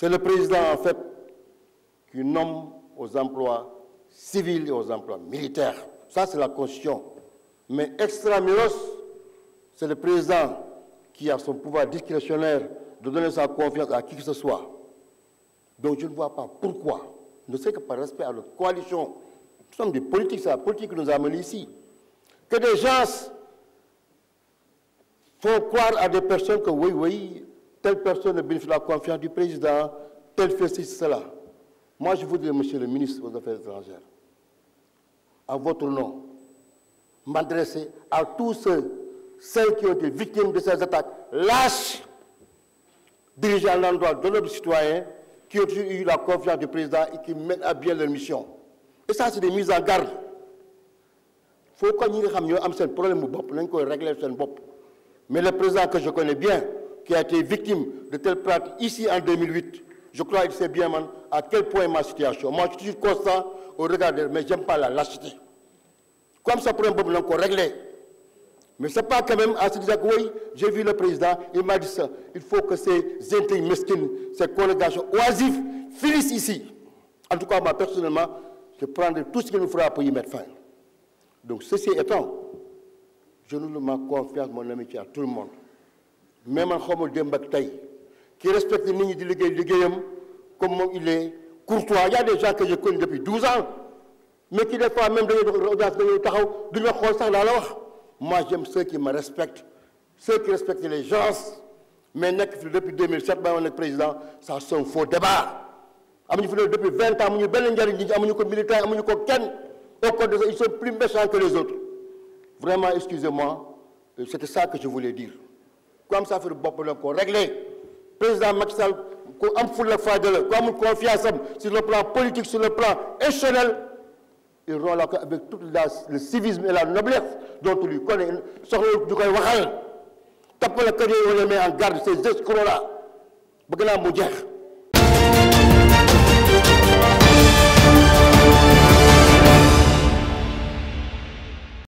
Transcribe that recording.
C'est le président, en fait, qui nomme aux emplois civils et aux emplois militaires. Ça, c'est la Constitution. Mais extramuros, c'est le président qui a son pouvoir discrétionnaire de donner sa confiance à qui que ce soit. Donc je ne vois pas pourquoi, ne sais que par respect à notre coalition, nous sommes des politiques, c'est la politique qui nous a amenés ici, que des gens font croire à des personnes que oui, oui, telle personne bénéficie de la confiance du président, tel fait ceci, cela. Moi, je voudrais, monsieur le ministre des Affaires étrangères, à votre nom, m'adresser à tous ceux, ceux qui ont été victimes de ces attaques lâches, dirigeants à l'endroit de nos citoyens, qui ont eu la confiance du président et qui mènent à bien leur mission. Et ça, c'est des mises en garde. Il faut qu'on y ait un problème, nous devons régler problème. Mais le président que je connais bien, qui a été victime de telles pratiques ici en 2008, je crois qu'il sait bien man, à quel point ma situation. Moi, je suis constant au regard de, mais n'aime pas la lâcheté. Comme ça, un problème, encore encore réglé. Mais n'est pas quand même à ce que oui, j'ai vu le président, il m'a dit ça. Il faut que ces intimes mesquines, ces collégations oisives finissent ici. En tout cas, moi, personnellement, je prendrai tout ce qu'il nous fera pour y mettre fin. Donc, ceci étant, je nous demande confiance, mon amitié à tout le monde mais man xaw ma ak qui respecte nit ñi di liggéey comme il est courtois Il y a des gens que je connais depuis 12 ans mais qui des fois même de dox audience taxaw du ma xol sax moi j'aime ceux qui me respectent ceux qui respectent les gens mais nek depuis 2007 ba est président ça c'est un faux débat amuñu depuis 20 ans amuñu bel ñi militaire ko ils sont plus méchants que les autres vraiment excusez-moi euh, c'était ça que je voulais dire comme ça fait le a problème. ko président Macky Sall le am fulla Comme il confiance sur le plan politique sur le plan échelon, il rôle avec tout le civisme et la noblesse dont on lui connaît soxla du le waxal de le kër on le met en garde ces escrocs là bëgg mu faire.